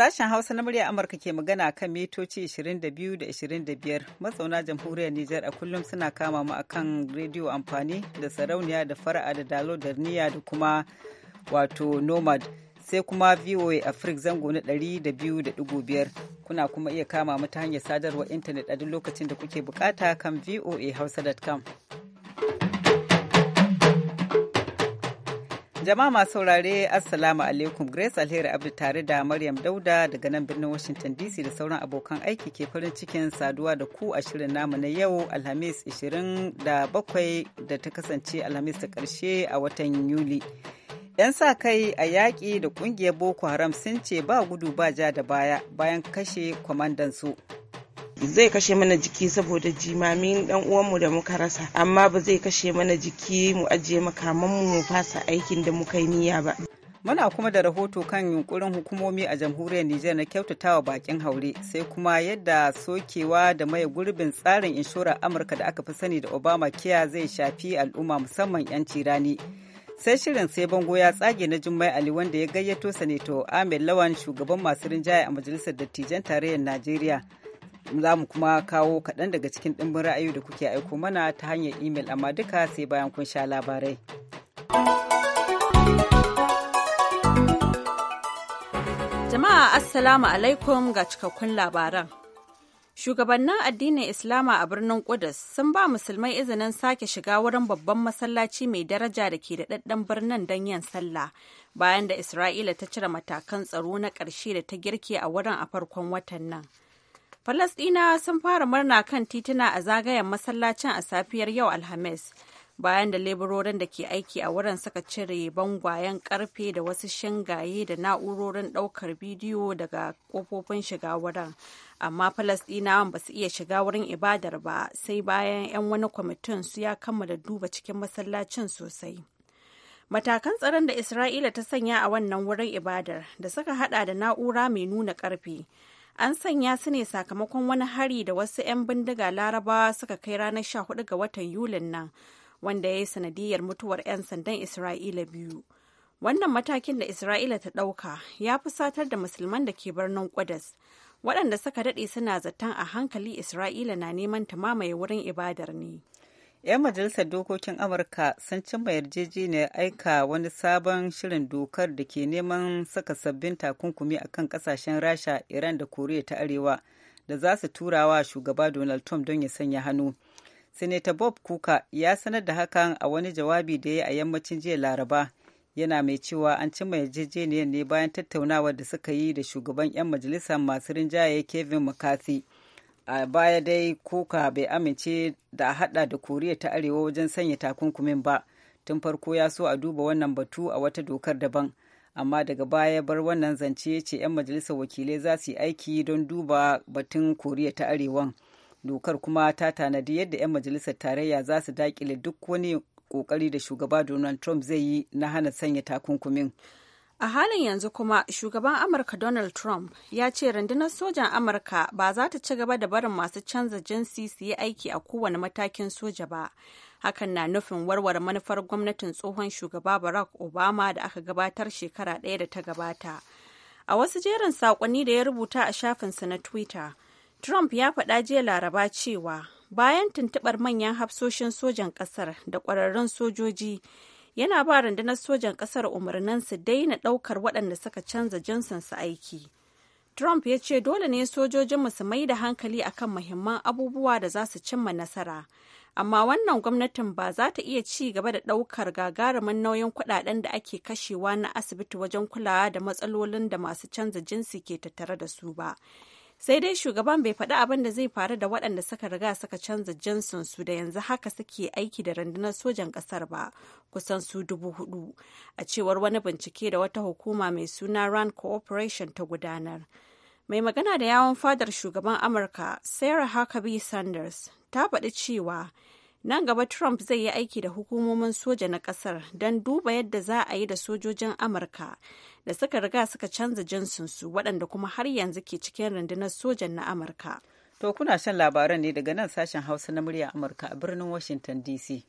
Sashen Hausa na murya Amurka ke magana kan mitoci 22 da 25 mazauna jamhuriyar Nijar a kullum suna kama mu akan rediyo amfani da sarauniya da fara'a da dalo da niya da kuma wato nomad sai kuma VOA Africa zango na 200.5 kuna kuma iya kama mu ta hanyar sadarwar intanet a duk lokacin da kuke bukata kan voahausa.com. Jama'a masu saurare Assalamu alaikum Grace Alheri Abdu tare da Maryam Dauda daga nan birnin Washington DC da sauran abokan aiki ke farin cikin saduwa da ku a shirin namu na yau Alhamis 27 da ta kasance Alhamis ta karshe a watan Yuli. 'Yan sa kai a yaƙi da ƙungiyar Boko Haram sun ce ba gudu ba ja da baya bayan kashe kwamandansu. zai kashe mana jiki saboda jimamin dan uwanmu da muka rasa amma ba zai kashe mana jiki mu ajiye makaman mu fasa aikin da muka yi niyya ba Muna kuma da rahoto kan yunkurin hukumomi a jamhuriyar Nijar na kyautatawa bakin haure sai kuma yadda sokewa da maye gurbin tsarin inshorar Amurka da aka fi sani da Obama kiya zai shafi al'umma musamman yan rani. Sai shirin sai bango ya tsage na Jummai Ali wanda ya gayyato Sanato Ahmed Lawan shugaban masu rinjaye a Majalisar Dattijan Tarayyar Najeriya za mu kuma kawo kaɗan daga cikin ɗimbin ra'ayi da kuke aiko mana ta hanyar imel amma duka sai bayan kun sha labarai. Jama'a Assalamu alaikum ga cikakkun labaran. Shugabannin addinin Islama a birnin Kudus sun ba musulmai izinin sake shiga wurin babban masallaci mai daraja da ke daɗaɗɗen birnin don yin sallah bayan da Isra'ila ta cire matakan tsaro na ƙarshe da ta girke a wurin a farkon watan nan. Falasɗina sun fara murna kan tituna a zagayen masallacin a safiyar yau Alhamis. Bayan da leburorin da ke aiki a wurin suka cire bangwayen karfe da wasu shingaye da na'urorin ɗaukar bidiyo daga ƙofofin shiga wurin. Amma Falasɗinawan ba su iya shiga wurin ibadar ba sai bayan 'yan wani kwamitin su ya kammala duba cikin masallacin sosai. matakan tsaron da isra'ila ta sanya a wannan wurin ibadar da suka hada da na'ura mai nuna karfe an sanya su ne sakamakon wani hari da wasu 'yan bindiga larabawa suka kai ranar 14 ga watan yulin nan wanda ya yi sanadiyar mutuwar 'yan sandan isra'ila biyu wannan matakin da isra'ila ta ɗauka ya fusatar da musulman da ke birnin kudas. waɗanda suka daɗe suna zaton a hankali isra'ila na neman ta mamaye wurin ibadar ne 'Yan majalisar dokokin Amurka sun cimma yarjejeniyar aika wani sabon shirin dokar da ke neman saka sabbin takunkumi a kan kasashen Rasha, Iran da Koriya ta Arewa da za su turawa shugaba Donald Trump don ya sanya hannu. Sinata Bob Kuka ya sanar da hakan a wani jawabi da ya yi a yammacin jiya Laraba. Yana mai cewa an cimma yarjejeniyar ne bayan tattaunawar da suka yi da shugaban 'yan Majalisar masu rinjaye Kevin McCarthy. a baya dai kuka bai amince da a hada da koriya ta arewa wajen sanya takunkumin ba tun farko ya so a duba wannan batu a wata dokar daban amma daga baya bar wannan zance ce 'yan majalisar wakilai za su yi aiki don duba batun koriya ta arewa dokar kuma ta tanadi yadda 'yan majalisar tarayya za su dakile duk wani kokari da shugaba donald trump zai yi na hana sanya takunkumin A halin yanzu kuma shugaban Amurka Donald Trump ya ce rundunar sojan Amurka ba za ta ci gaba da barin masu canza jinsi su yi aiki a kowane matakin soja ba. Hakan na nufin warware manufar gwamnatin tsohon shugaba Barack Obama da aka gabatar shekara ɗaya da ta gabata. A wasu jerin saƙonni da ya rubuta a shafinsa na Twitter, Trump ya faɗa jiya Laraba cewa bayan tuntuɓar manyan hafsoshin sojan ƙasar da ƙwararrun sojoji yana ba rundunar sojan ƙasar umarnin su daina ɗaukar waɗanda suka canza jinsinsu aiki. Trump ya ce dole ne sojojinmu su mai da hankali akan muhimman abubuwa da za su cimma nasara. Amma wannan gwamnatin ba za ta iya ci gaba da ɗaukar gagarumin nauyin kuɗaɗen da ake kashewa na asibiti wajen kulawa da matsalolin da masu canza jinsi ke tattare da su ba. sai dai shugaban bai faɗi abin da zai faru da waɗanda suka riga suka canza jinsin su da yanzu haka suke aiki da rundunar sojan ƙasar ba kusan su dubu hudu a cewar wani bincike da wata hukuma mai suna rand cooperation ta gudanar mai magana da yawon fadar shugaban amurka sarah huckabee sanders ta faɗi cewa Nan gaba Trump zai yi aiki da hukumomin soja na kasar don duba yadda za a yi da sojojin Amurka da suka riga suka canza jinsinsu waɗanda kuma har yanzu ke cikin rundunar sojan na Amurka. To kuna shan labaran ne daga nan sashen Hausa na murya Amurka a birnin Washington DC.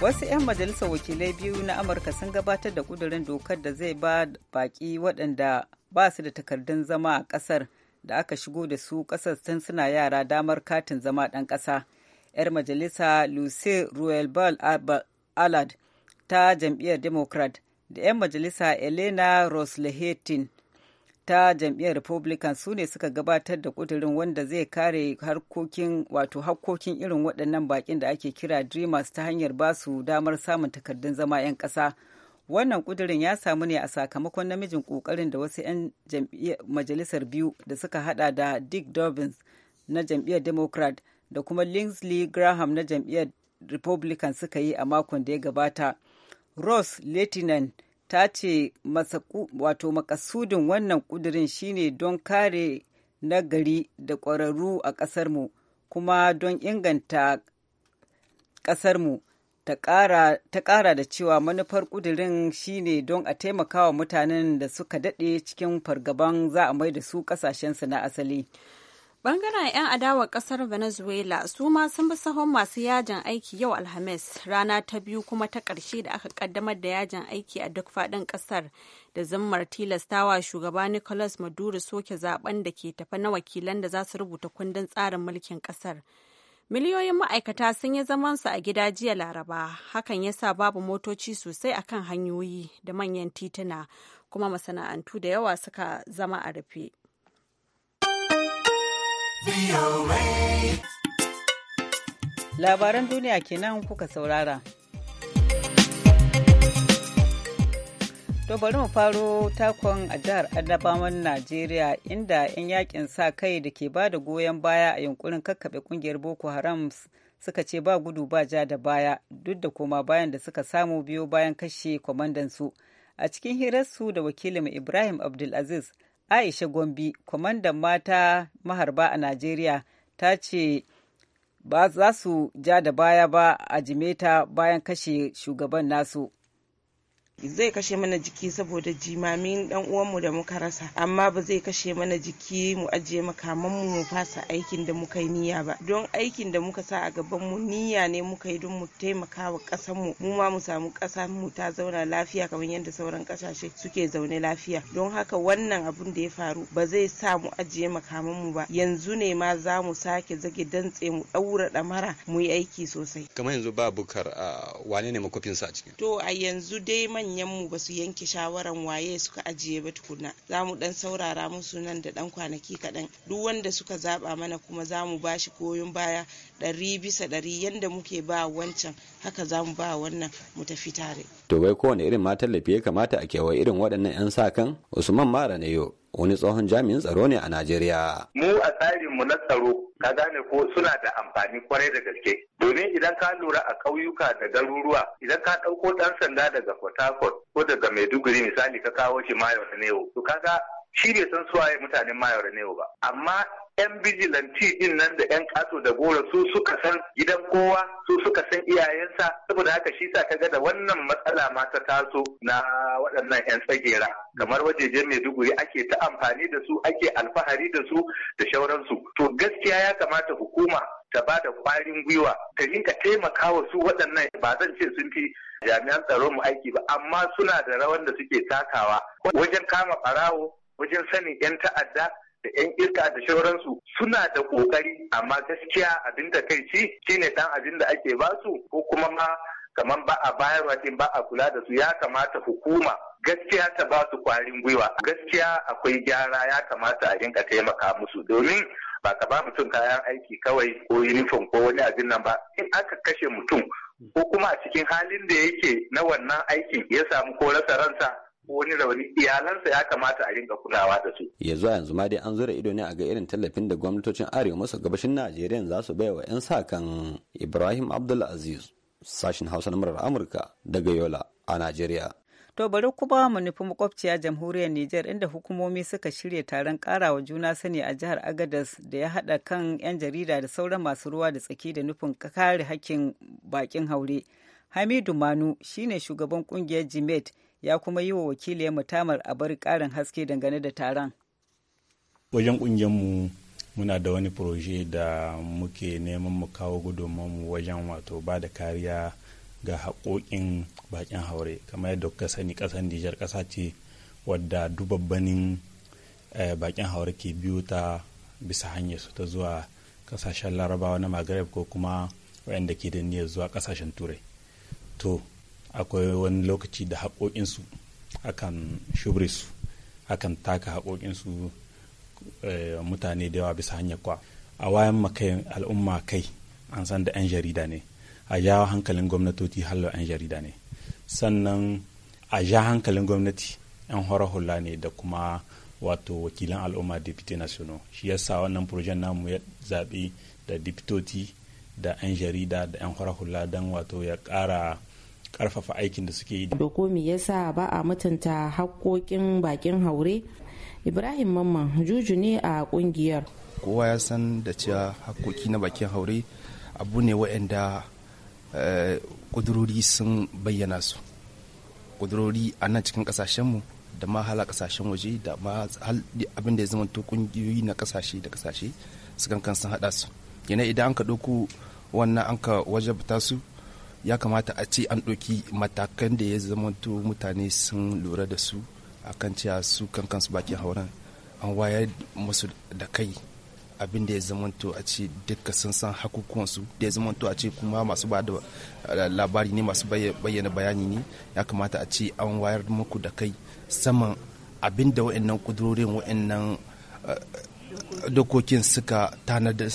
Wasu 'yan majalisar wakilai biyu na Amurka sun gabatar da kudurin dokar da zai ba baki waɗanda ba su da takardun zama a ƙasar. da aka shigo da su ƙasar tun suna yara damar katin zama ɗan ƙasa. 'Yar majalisa Lucy ball Alad ta jam'iyyar Democrat da 'yan majalisa Elena Roslehetin ta jam'iyyar Republican su ne suka gabatar da ƙudurin wanda zai kare harkokin wato hakkokin irin waɗannan baƙin da ake kira Dreamers ta hanyar basu damar samun takardun zama 'yan ƙasa. wannan kudirin ya samu ne a sakamakon namijin kokarin da wasu 'yan majalisar biyu da suka hada da dick dobbins na jam'iyyar democrat da kuma lindsey graham na jam'iyyar republican suka yi a makon da ya gabata ross latinan ta ce wato makasudin wannan kudirin shine don kare nagari da kwararru a ƙasarmu kuma don inganta mu. ta ƙara da cewa manufar ƙudurin shine don a taimakawa mutanen da suka dade cikin fargaban za a mai da su ƙasashensu na asali. Bangaren 'yan adawa kasar Venezuela su ma sun bi sahon masu yajin aiki yau Alhamis rana ta biyu kuma ta ƙarshe da aka kaddamar da yajin aiki a duk faɗin ƙasar da zammar tilastawa shugaba Nicolas Maduro soke zaben da ke tafa na wakilan da za su rubuta kundin tsarin mulkin ƙasar. Miliyoyin ma'aikata sun yi zamansu a gida jiya Laraba, hakan ya sa babu motoci sosai a kan hanyoyi da manyan tituna, kuma masana'antu da yawa suka zama a rufe. Labaran duniya kenan kuka saurara. To bari mu faro takon a jihar Adabawan Najeriya inda 'yan yakin sa kai da ke bada goyon baya a yunkurin kakkaɓe kungiyar Boko Haram suka ce ba gudu ba ja da baya duk da koma bayan da suka samu biyo bayan kashe kwamandan su. A cikin hirarsu da wakilin Ibrahim Abdulaziz, Aisha Gombi, kwamandan mata maharba a Najeriya, ta ce ba za su ja da baya ba a jimeta bayan kashe shugaban nasu zai kashe mana jiki saboda jimamin dan uwanmu da muka rasa amma ba zai kashe mana jiki mu ajiye makaman mu mu fasa aikin da muka yi niyya ba don aikin da muka sa a gaban mu niyya ne muka yi don mu taimaka wa kasan mu mu ma mu samu kasan mu ta zauna lafiya kamar yadda sauran kasashe suke zaune lafiya don haka wannan abun da ya faru ba zai sa mu ajiye makaman mu ba yanzu ne ma za mu sake zage dantse mu daura damara mu yi aiki sosai kamar yanzu ba bukar wane ne makofinsa a cikin to a yanzu dai manyan mu ba su yanke shawaran waye suka ajiye ba tukuna za mu dan saurara musu nan da dan kwanaki kaɗan duk wanda suka zaba mana kuma za mu ba shi koyon baya ɗari bisa ɗari yanda muke ba wancan haka za mu ba wannan mu tafi tare. to bai kowane irin ma tallafi ya kamata a kewaye irin waɗannan 'yan sa kan usman mara ne yau wani tsohon jami'in tsaro ne a Najeriya. Mu a tsarin mu na tsaro ka gane ko suna da amfani kwarai da gaske. Domin idan ka lura a ƙauyuka da garuruwa idan ka ɗauko ɗan sanda daga Port Harcourt ko daga Maiduguri misali ka kawo shi Mayo Newo. To kaga shi bai san suwaye mutanen Mayo Newo ba. Amma yan bijilanti din nan da yan kato da goro, su suka san gidan kowa su suka san iyayensa saboda haka shi sa kaga da wannan matsala ma ta taso na waɗannan yan tsagera kamar wajeje maiduguri ake ta amfani da su ake alfahari da su da shauransu to gaskiya ya kamata hukuma ta ba da kwarin gwiwa ta rinka taimakawa su waɗannan ba zan ce sun fi jami'an tsaron mu aiki ba amma suna da rawan da suke takawa wajen kama ɓarawo wajen sanin 'yan ta'adda da 'yan irka da shauransu suna da kokari amma gaskiya abin da kai ci shine dan abin da ake ba su. ko kuma ma kamar ba a bayarwa din ba a kula da su ya kamata hukuma gaskiya ta ba su kwarin gwiwa gaskiya akwai gyara ya kamata a rinka taimaka musu domin ba ka ba mutum kayan aiki kawai ko uniform ko wani abin nan ba in aka kashe mutum ko kuma a cikin halin da yake na wannan aikin ya samu ko rasa ransa wani rauni iyalansa ya kamata a rinka kulawa da su. Ya zuwa yanzu ma dai an zura ido ne a ga irin tallafin da gwamnatocin arewa maso gabashin Najeriya za su wa 'yan sa kan Ibrahim Abdulaziz sashin Hausa na murar Amurka daga Yola a Najeriya. To bari kuma mu nufi makwabciya jamhuriyar Nijar inda hukumomi suka shirya taron karawa juna sani a jihar Agadas da ya haɗa kan 'yan jarida da sauran masu ruwa da tsaki da nufin kare hakkin bakin haure. Hamidu Manu shine shugaban kungiyar Jimet ya kuma yi wa wakiliyar mutamar a bari ƙarin haske dangane da taron. Wajen ƙungiyarmu muna da wani proje da muke neman mu kawo gudunmu wajen wato ba da kariya ga haƙoƙin bakin haure kamar yadda kuka sani ƙasar Nijar ƙasa ce wadda dubabbanin eh, bakin haure ke biyo ta bisa hanyar su ta zuwa ƙasashen larabawa na maghreb ko kuma waɗanda ke da niyyar zuwa ƙasashen turai to akwai wani lokaci da haƙoƙinsu akan shubri su akan taka haƙoƙinsu eh, mutane da yawa bisa hanyar kwa a wayan makai al'umma kai an san da 'yan jarida ne a ja hankalin gwamnatoci hallo 'yan jarida ne sannan a ja hankalin gwamnati 'yan horar hula ne da kuma wato wakilan al'umma deputy national shi yasa wannan projen namu ya zaɓi da diptoti da 'yan jarida da 'yan horar hula don wato ya ƙara karfafa aikin da suke yi. Doko me yasa ba a mutunta haƙƙoƙin bakin haure? Ibrahim Mamman juju ne a ƙungiyar. Kowa ya san da cewa haƙƙoƙi na bakin haure abu ne waɗanda eh, ƙudurori sun bayyana su. Ƙudurori a nan cikin ƙasashenmu da ma hala ƙasashen waje da ma abin da ya zama to ƙungiyoyi na ƙasashe da ƙasashe sukan kan sun haɗa su. Yana idan an ka ɗauko wannan an ka wajabta su ya kamata a ce an ɗauki matakan da ya to mutane sun lura da su a kan cewa su kankan su bakin hauren an wayar musu da kai abin da ya to a ce duka sun san hakukuwansu da ya zamanta a ce kuma masu ba da labari ne masu bayyana bayani ne ya kamata a ce an wayar muku da kai saman abin da wa'annan kudurorin wa'annan eh, dokokin suka tanada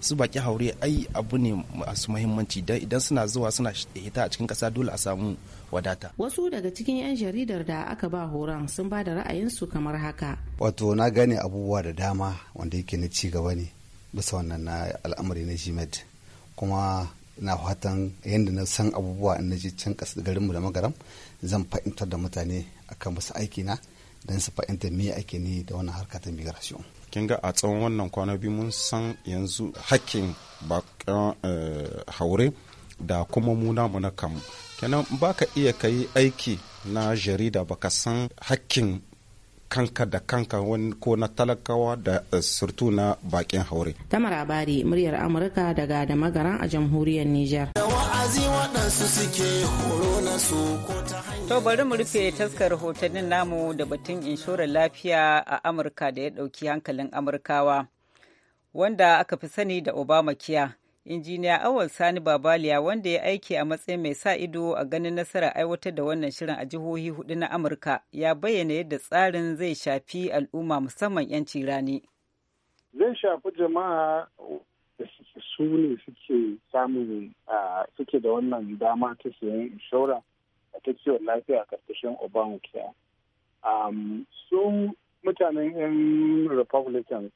su baki haure ai abu ne masu muhimmanci dan idan suna zuwa suna hita a cikin kasa dole a samu wadata. Wasu daga cikin 'yan jaridar da aka ba horon sun ba da ra'ayinsu kamar haka. Wato na gane abubuwa da dama wanda yake na ci gaba ne bisa wannan na al'amari na GMED kuma na fatan yadda na san abubuwa in na je can garinmu da magaram zan fahimtar da mutane akan wasu aiki na. don su fahimta me ake ne da wani harka ta migration kin ga a tsawon wannan kwana biyu mun san yanzu hakkin bakan eh, haure da kuma muna mu na kamu kenan ka iya kayi aiki na jarida ba ka san hakkin kanka da kanka wani ko na talakawa da eh, surtu na bakin haure. Tamar Abari muryar Amurka daga da magaran a jamhuriyar Nijar. Da wa'azi waɗansu suke horo na su To bari mu rufe taskar rahotannin namu da batun inshorar lafiya a Amurka da ya ɗauki hankalin Amurkawa. Wanda aka fi sani da Obamacare, injiniya Awal Sani Babaliya wanda ya aiki a matsayin mai sa ido a ganin nasarar aiwatar da wannan shirin a jihohi hudu na Amurka ya bayyana yadda tsarin zai shafi al'umma musamman 'yanci rani. Zai shafi jama'a su ne suke samun suke da wannan dama ta sayan inshora. ta kiwon lafiya a karkashin obama care um, su mutanen yan republicans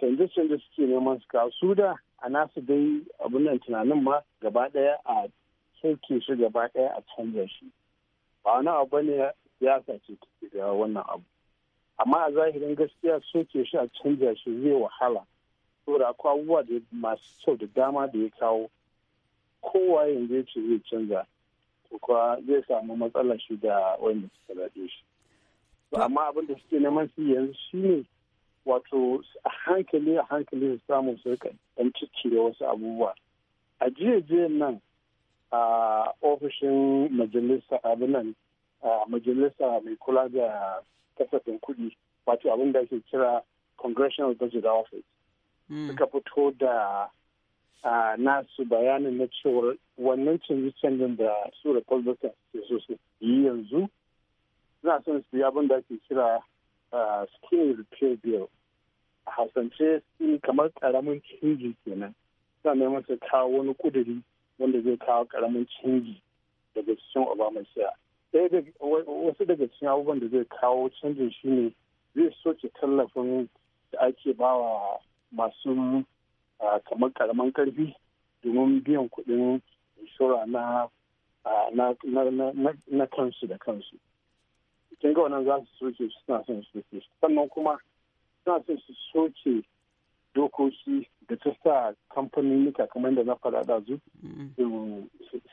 canje-canje suke neman su kawo su da a nasu dai abin tunanin ma gaba daya a sauke shi gaba daya a canza shi ba wani abu ne siyasa ce take da wannan abu amma a zahirin gaskiya soke shi a canza shi zai wahala saboda akwai abubuwa da masu kyau da dama da ya kawo kowa yanzu ya ce zai canza ko kuwa zai samu matsalar shi da wanda suka zaɓe shi amma abin da suke neman su yanzu ne wato a hankali a hankali su samu su rika dan da wasu abubuwa a jiya nan a ofishin majalisa nan a majalisa mai kula da kasafin kuɗi wato abin da ake kira congressional budget office hmm. suka fito da nasu bayanin na cewar wannan canji canjen da su republican ke so su yi yanzu suna son su yi abin da ake kira skin repair bill a hasance sun kamar karamin canji kenan suna neman su kawo wani kuduri wanda zai kawo karamin canji daga cikin obama siya wasu daga cikin abubuwan da zai kawo canjin shine zai soke tallafin da ake bawa masu kamar karaman karfi domin biyan kuɗin inshora na na kansu da kansu kin ga wannan za su soke su suna son soke sannan kuma suna son su soke dokoki da ta sa kamfanin nika kamar da na faɗa da zu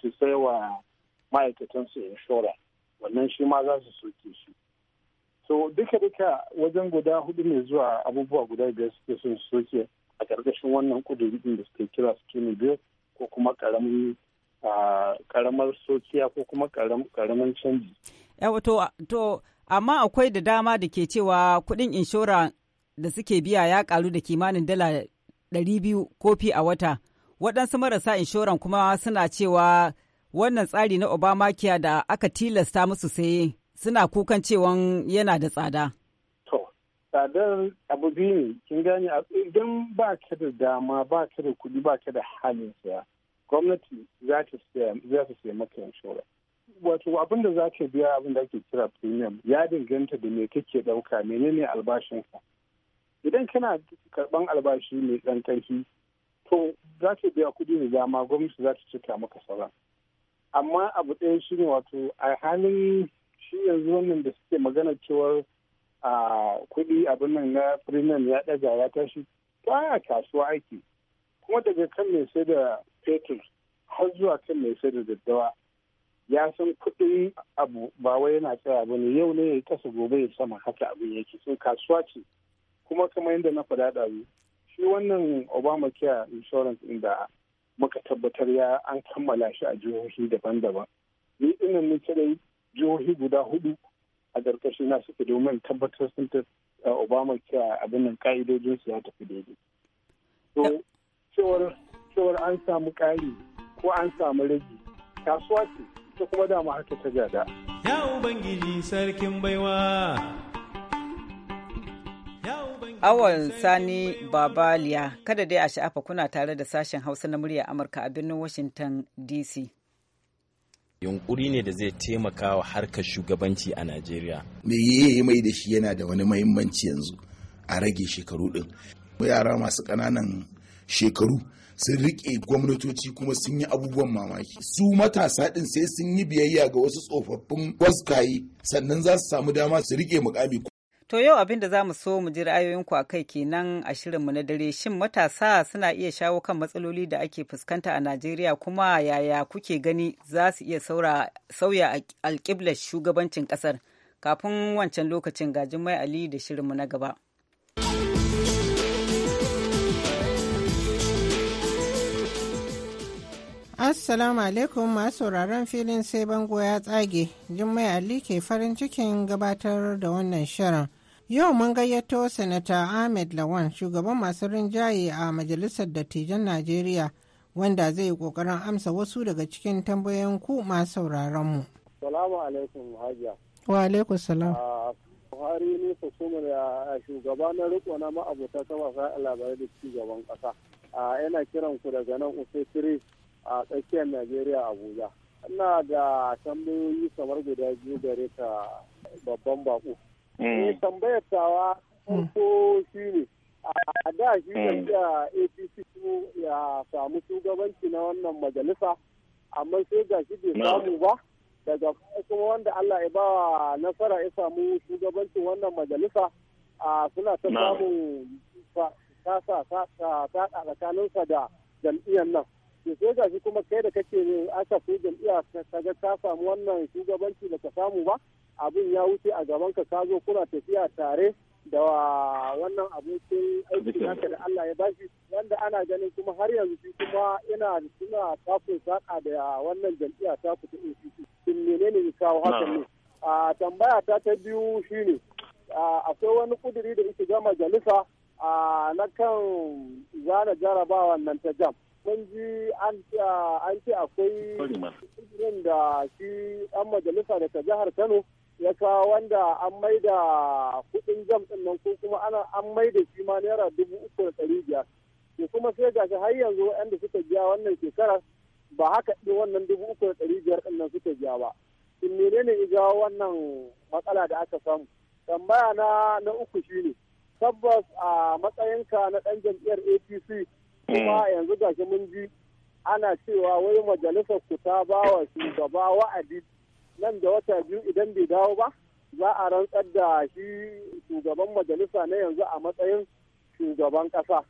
su sai wa ma'aikatan ma'aikatansu inshora wannan shi ma za su soke shi so duka duka wajen guda hudu ne zuwa abubuwa guda biyar suke son soke a ƙarƙashin wannan ƙuduri ɗin da suke kira skinny bill ko kuma ƙaramar sokiya ko kuma ƙaramin canji. Yawa to amma akwai da dama da ke cewa kuɗin inshora da suke biya ya ƙaru da kimanin dala ɗari biyu kofi a wata. Waɗansu marasa inshoran kuma suna cewa wannan tsari na Obamacare da aka tilasta musu saye suna kukan cewa yana da tsada. tsadar abu biyu ne kin gane idan ba ka da dama ba ka da kudi ba ka da halin saya gwamnati za ta saya maka inshora wato abin da za ka biya abin da ake kira premium ya danganta da me kake ɗauka menene albashinka idan kana karɓan albashi mai ɗan to za ka biya kuɗi da dama gwamnati za ta cika maka sauran amma abu ɗaya shine wato a halin shi yanzu wannan da suke magana cewar a kudi abin nan na premium ya ɗaga ya tashi ta a kasuwa aiki kuma daga kan mai sai da fetur har zuwa kan mai sai da daddawa ya san kudin abu ba wai yana tsaya ba ne yau ne ya yi kasa gobe ya sama haka abin yake so kasuwa ce kuma kamar yadda na faɗa ɗazu shi wannan obama care insurance ɗin da muka tabbatar ya an kammala shi a jihohi daban-daban ni ne mun cire jihohi guda hudu a ƙarƙashin na suke domin tabbatar sun ta eh, obama cewa abin nan su ya tafi daidai to cewar an samu ƙari ko an samu rage kasuwa ce ta kuma dama haka ta gada ya ubangiji sarkin baiwa awon Sani Babaliya, kada dai a sha'afa kuna tare da sashen Hausa na murya Amurka a birnin Washington DC. yunkuri ne da zai taimaka wa harkar shugabanci a najeriya me ya mai da shi yana da wani mahimmanci yanzu a rage shekaru din yara masu ƙananan shekaru sun riƙe gwamnatoci kuma sun yi abubuwan mamaki su matasa ɗin sai sun yi biyayya ga wasu tsofaffin waskayi sannan za su samu dama su riƙe mukami To yau abin da za mu so mu ji ra'ayoyinku a kai kenan a shirinmu na dare shin matasa suna iya shawo kan matsaloli da ake fuskanta a Najeriya kuma yaya kuke gani za su iya sauya alƙiblar shugabancin ƙasar kafin wancan lokacin gajin mai Ali da shirinmu na gaba. Assalamu alaikum masu sauraron filin sai bango ya tsage, Jummai Ali ke farin cikin gabatar da wannan shirin. Yau mun gayyato Sanata Ahmed Lawan, shugaban masu rinjaye a Majalisar Dattijan Najeriya, wanda zai yi ƙoƙarin amsa wasu daga cikin tambayoyin ku masu sauraronmu. Salamu alaikum hajiya. Wa alaikum salam. Ah, Buhari ne hukumar shugaba na riko na ma'abuta ta wasa labarai da gaban ƙasa. Yana ah, kiran ku daga nan Usai a tsakiyar Najeriya Abuja. Ina da tambayoyi kamar guda biyu gare ka babban baƙo. Ni eh, eh, tambayar tawa hmm. ko shi ne. A da shi hmm. da APC ya samu shugabanci na wannan majalisa, amma sai ga shi bai samu ba. Daga kuma wanda Allah ya ba nasara ya samu shugabancin wannan majalisa suna ta samun ta sa tsakaninsa da jam'iyyar nan. to sai gashi kuma kai da kake ne aka fi jam'iyya ka ga ka samu wannan shugabanci da ka samu ba abin ya wuce a gaban ka zo kuna tafiya tare da wannan abokin aiki naka da Allah ya bashi wanda ana ganin kuma har yanzu shi kuma ina suna kafin saka da wannan jam'iyya ta fita ta ACC kin menene ne kawo hakan ne a tambaya ta ta biyu shine akwai wani kuduri da yake ga majalisa na kan zana jarabawa nan ta jam mun ji an ce akwai shirin da shi ɗan majalisa daga jihar Kano ya kawo wanda an maida kudin jam din nan ko kuma ana an maida shi ma naira dubu uku da ɗari biyar. To kuma sai shi har yanzu wanda suka biya wannan shekarar ba haka ɗin wannan dubu uku da ɗari biyar ɗin nan suka biya ba. in menene ya jawo wannan matsala da aka samu? Tambaya na na uku shine tabbas a matsayinka na ɗan jam'iyyar APC kuma mm. yanzu gashi mun ji ana cewa wai majalisar ku ta ba wa shugaba wa'adi nan da wata biyu idan bai dawo ba za a rantsar da shi shugaban majalisa na yanzu a matsayin shugaban kasa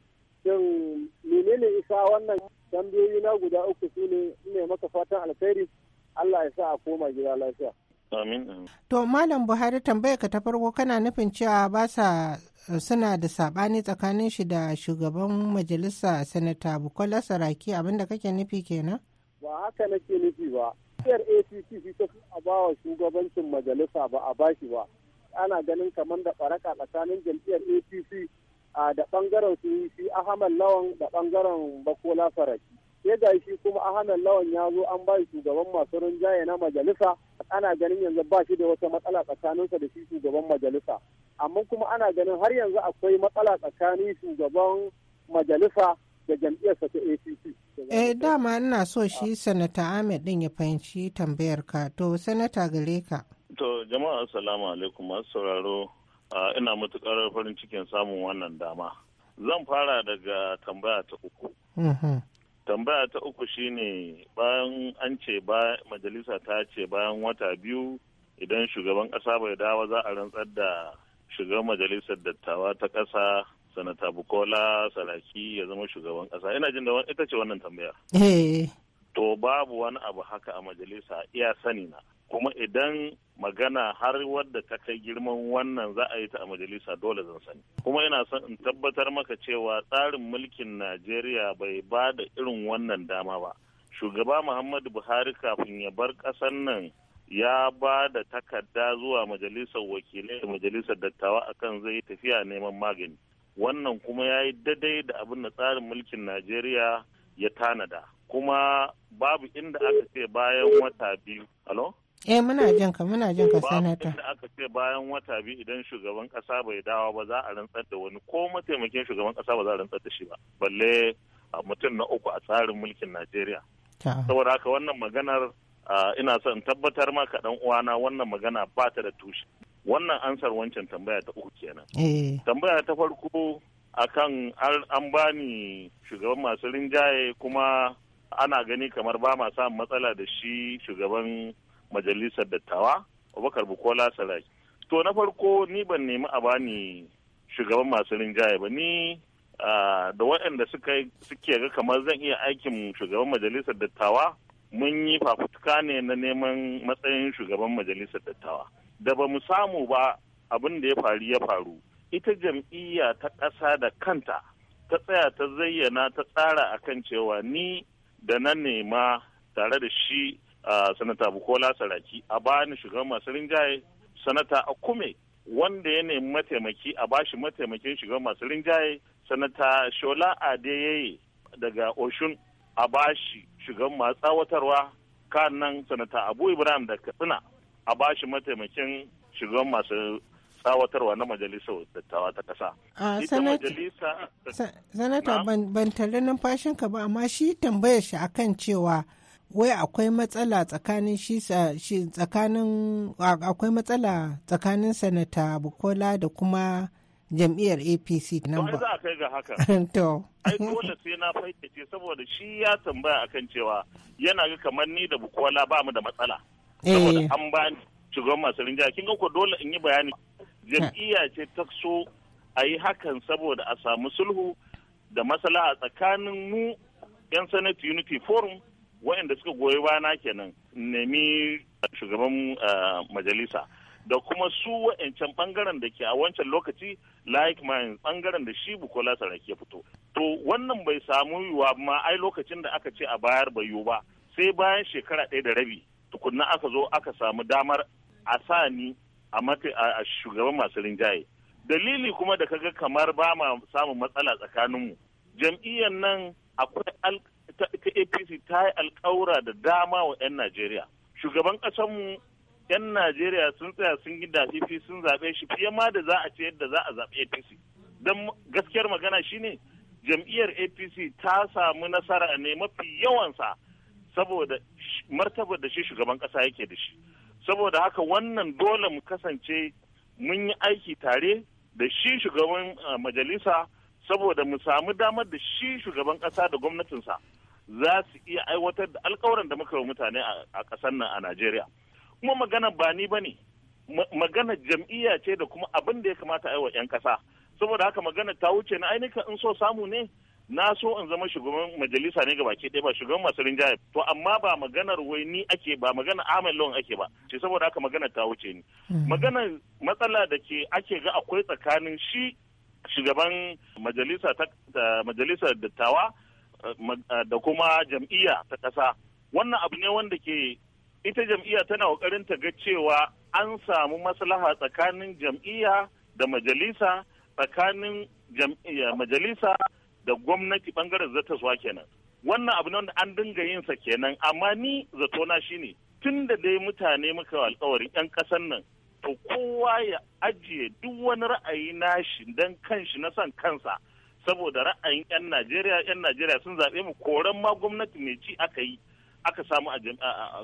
shin menene isa wannan tambayoyi na guda uku su ne ne maka fatan alkhairi Allah ya sa a koma gida lafiya amin to malam buhari tambaya ka ta farko kana nufin cewa ba sa suna da saɓani tsakanin shi da shugaban majalisa sanata bukola saraki abinda kake nufi kenan ba haka nake nufi ba jam'iyyar acc shi ta a ba wa shugabancin majalisa ba a bashi ba ana ganin kamar da baraka tsakanin jam'iyyar apc da bangaren su shi ahmad lawan da ɓangaren bakola saraki sai ga shi kuma ahmed lawan ya zo an bai shugaban masu rinjaye na majalisa ana ganin yanzu ba shi da wata matsala tsakaninsa da shi shugaban majalisa amma kuma ana ganin har yanzu akwai matsala tsakanin shugaban majalisa da jam'iyyarsa ta ACC. Eh dama ina so shi sanata Ahmed din ya fahimci tambayar ka to sanata gare ka. To jama'a assalamu alaikum masu sauraro ina matukar farin cikin samun wannan dama. Zan fara daga tambaya ta uku. Mhm. tambaya ta uku shine bayan an ce ba majalisa ta ce bayan wata biyu idan shugaban ƙasa bai dawo za a rantsar da shugaban majalisar dattawa ta ƙasa sanata bukola saraki ya zama shugaban ƙasa ina jin da ita ce wannan tambaya eh. to babu wani abu haka a majalisa iya sani na kuma idan magana har wadda ta kai girman wannan za a yi ta a majalisa dole zan sani kuma ina son in tabbatar maka cewa tsarin mulkin najeriya bai ba da irin wannan dama ba shugaba muhammadu buhari kafin ya bar ƙasar nan ya ba da takarda zuwa majalisar wakilai da majalisar dattawa akan zai tafiya neman magani wannan kuma ya yi daidai da abin da tsarin mulkin najeriya ya tanada kuma babu inda aka ce bayan wata biyu alo Eh muna jin ka muna jin ka sanata. da aka ce bayan wata biyu idan shugaban kasa bai dawo ba za a rantsar da wani ko mataimakin shugaban kasa ba za a rantsar da shi ba. Balle mutum na uku a tsarin mulkin Najeriya. Saboda haka wannan maganar ina son tabbatar maka dan uwana wannan magana ba ta da tushe. Wannan ansar wancan tambaya ta uku kenan. Eh. Tambaya ta farko akan an bani shugaban masu rinjaye kuma ana gani kamar ba ma samun matsala da shi shugaban majalisar dattawa abubakar bukola saraki to na farko ni ban nemi a bani shugaban masu rinjaye ba ni da waɗanda suke ga kamar zan iya aikin shugaban majalisar dattawa mun yi fafutuka ne na neman matsayin shugaban majalisar dattawa da ba mu samu ba abin da ya faru ya faru ita jam'iyya ta ƙasa da kanta ta tsaya ta zayyana ta tsara akan cewa ni da na nema tare da shi sanata bukola saraki a bayan shugaban masu rinjaye sanata akume wanda ya nemi mataimaki a bashi mataimakin shugaban masu rinjaye sanata shola adeyeye daga oshun a bashi shugaban masu tsawatarwa kan nan sanata abu ibrahim da katsina a bashi mataimakin shugaban masu tsawatarwa na majalisar dattawa ta kasa. Sanata ban tare numfashinka ba amma shi tambayar shi akan cewa wai akwai matsala tsakanin shi tsakanin akwai matsala tsakanin sanata bukola da kuma jam'iyyar apc nan ba za a kai ga haka to ai dole sai na ce saboda shi ya tambaya akan cewa yana ga kamar ni da bukola ba mu da matsala eh. saboda an ba shugaban masu rinjaya kin ga ko dole in yi bayani jam'iyya ce ta so a yi hakan saboda a samu sulhu da masala a tsakanin mu yan senate unity forum waɗanda suka goyi bana kenan nemi uh, shugaban uh, majalisa da kuma su wa'ancan bangaren da ke a wancan lokaci like mine bangaren da shi bukola sarake ke fito to wannan bai samu yiwuwa ma ai lokacin da aka ce a bayar bai yiwu ba sai bayan shekara ɗaya da rabi tukunna aka zo aka samu damar a sa ni a shugaban masu rinjaye dalili kuma da kaga kamar ba ma samun matsala tsakaninmu jam'iyyar nan akwai ta apc ta yi alkawura da dama wa 'yan najeriya shugaban ƙasanmu 'yan najeriya sun tsaya sun yi dafifi sun zaɓe shi fiye ma da za a ce yadda za a zaɓi apc don gaskiyar magana shi ne jam'iyyar apc ta samu nasara ne mafi yawansa saboda martaba da shi shugaban ƙasa yake da shi saboda haka wannan dole mu kasance mun yi aiki tare da shi shugaban ah, majalisa saboda mu samu damar da shi shugaban ƙasa da gwamnatinsa za su iya aiwatar da alkawuran da muka yi mutane a ƙasar nan a Najeriya. Kuma magana ba ni ba ne, magana jam'iyya ce da kuma abin da ya kamata a yi wa 'yan ƙasa. Saboda haka magana ta wuce na ainihin in so samu ne, na so in zama shugaban majalisa ne gabaki ɗaya ba shugaban masu rinjaye to amma ba maganar wai ni ake ba magana Ahmed Lawan ake ba shi saboda haka magana ta wuce ni mm. maganar matsala da ke ake ga akwai tsakanin shi shugaban majalisa ta majalisa dattawa Ah, da kuma jam'iyya ta ƙasa wannan abu ne wanda ke ita jam'iyya tana ƙoƙarin ta ga cewa an samu maslaha tsakanin jam'iyya da majalisa tsakanin majalisa da gwamnati bangaren zuwa kenan wannan abu ne wanda an dinga yin sa kenan amma ni zato na shine tun da dai mutane muka alkawarin 'yan ƙasan nan to kowa ya ajiye duk wani ra'ayi nashi dan kanshi na son kansa saboda ra'ayin 'yan najeriya 'yan najeriya sun zaɓe mu koren ma gwamnati mai ci aka yi aka samu a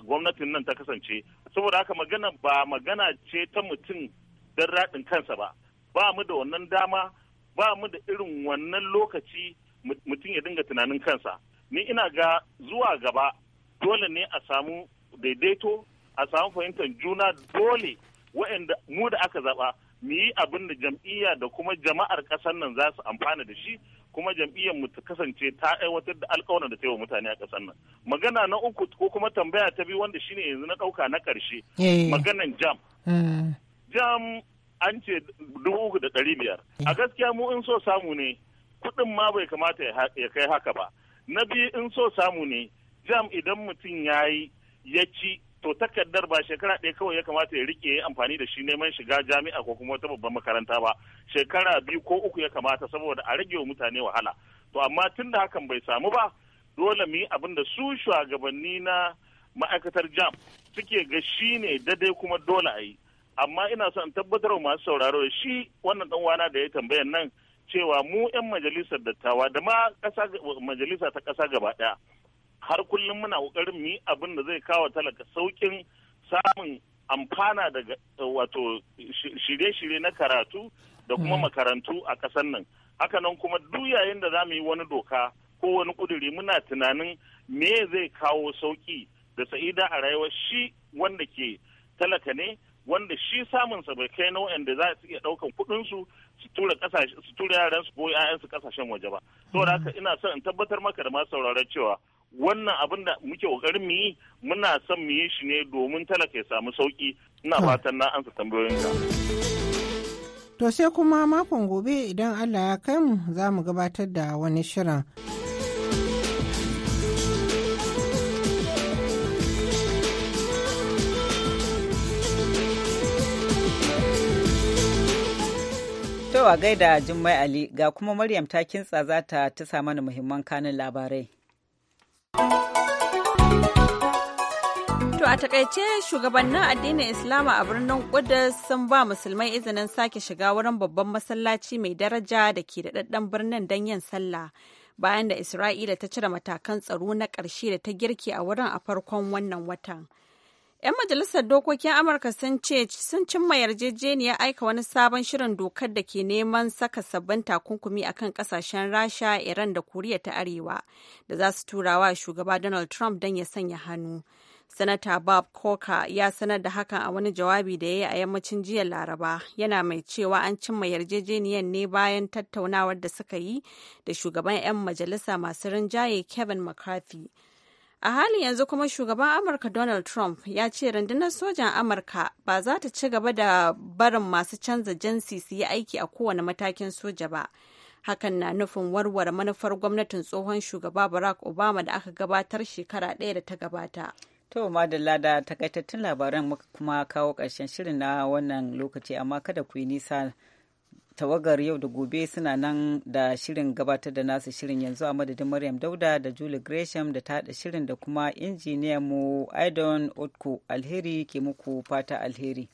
gwamnatin nan ta kasance saboda haka magana ba magana ce ta mutum don raɗin kansa ba ba mu da wannan dama ba mu da irin wannan lokaci mutum ya dinga tunanin kansa ni ina ga zuwa gaba dole ne a samu daidaito a samu fahimtar juna dole waɗanda mu da aka zaɓa mu yi abin da jam'iyya da kuma jama'ar ƙasar nan za su amfana da shi kuma jam'iyyar mu ta kasance ta aiwatar da alƙawarin da ta yi wa mutane a ƙasar nan magana na uku ko kuma tambaya ta biyu wanda shine yanzu na ɗauka na ƙarshe eh. maganan jam hmm. jam an ce dubu uku da ɗari biyar eh. a gaskiya mu in so samu ne kuɗin ma bai kamata ya kai haka ba na biyu in so samu ne jam idan mutum ya yi ya ci to takardar ba shekara ɗaya kawai ya kamata ya rike ya amfani da shi neman shiga jami'a ko kuma wata babban makaranta ba shekara biyu ko uku ya kamata saboda a rage wa mutane wahala to amma tun da hakan bai samu ba dole mu yi abin da su shugabanni na ma'aikatar jam suke ga shi ne daidai kuma dole a yi amma ina so in tabbatar wa masu sauraro da shi wannan dan wana da ya tambayan nan cewa mu 'yan majalisar dattawa da ma majalisa ta ƙasa gaba ɗaya har kullum muna kokarin mu yi abin da zai kawo talaka saukin samun amfana daga wato shirye-shirye na karatu da kuma hmm. makarantu a ƙasar nan hakanan kuma duk yayin da zamu yi wani doka ko wani ƙuduri muna tunanin me zai kawo sauƙi da sa'ida a rayuwar shi wanda ke talaka ne wanda shi samun sa bai kai nau'in da za su iya ɗaukan kuɗinsu su tura yaran su ko su ƙasashen waje ba. Hmm. Saboda haka ina son in tabbatar maka da masu sauraron cewa wannan abin da muke kokarin mu yi muna son mu yi shi ne domin talaka ya samu sauki ina hmm. fatan na ansa tambayoyinka to sai kuma makon gobe idan Allah ya kai mu za mu gabatar da wani shirin To a gaida Jummai Ali ga kuma Maryam ta kintsa za ta ta mana muhimman kanin labarai. To a takaice shugabannin addinin Islama a birnin Kudus sun ba musulmai izinin sake shiga wurin babban masallaci mai daraja da ke da daɗaɗɗen birnin don yin sallah bayan da Isra'ila ta cire matakan tsaro na ƙarshe da ta girke a wurin a farkon wannan watan. 'Yan majalisar dokokin Amurka sun ce sun cimma yarjejeniyar aika wani sabon shirin dokar da ke neman saka sabbin takunkumi a kan kasashen Rasha, Iran da Koriya ta Arewa da za su turawa shugaba Donald Trump don ya sanya hannu. Sanata Bob Corker ya sanar da hakan a wani jawabi da ya yi a yammacin jiya Laraba, yana mai cewa an cimma yarjejeniyar ne bayan tattaunawar da suka yi da shugaban 'yan majalisa masu rinjaye Kevin McCarthy. A halin yanzu kuma shugaban Amurka Donald Trump ya ce rundunar sojan Amurka ba za ta ci gaba da barin masu canza jinsi su yi aiki a kowane matakin soja ba. Hakan na nufin warware manufar gwamnatin tsohon shugaba Barack Obama da aka gabatar shekara ɗaya da ta gabata. To, madalla da takaitattun labaran kuma kawo ƙarshen shirin na wannan lokaci amma kada ku yi nisa tawagar yau da gobe suna nan da shirin gabatar da nasu shirin yanzu a madadin Maryam Dauda da Julie Gresham da ta shirin da kuma injiniyan mu idon Otko Alheri ke muku fata alheri.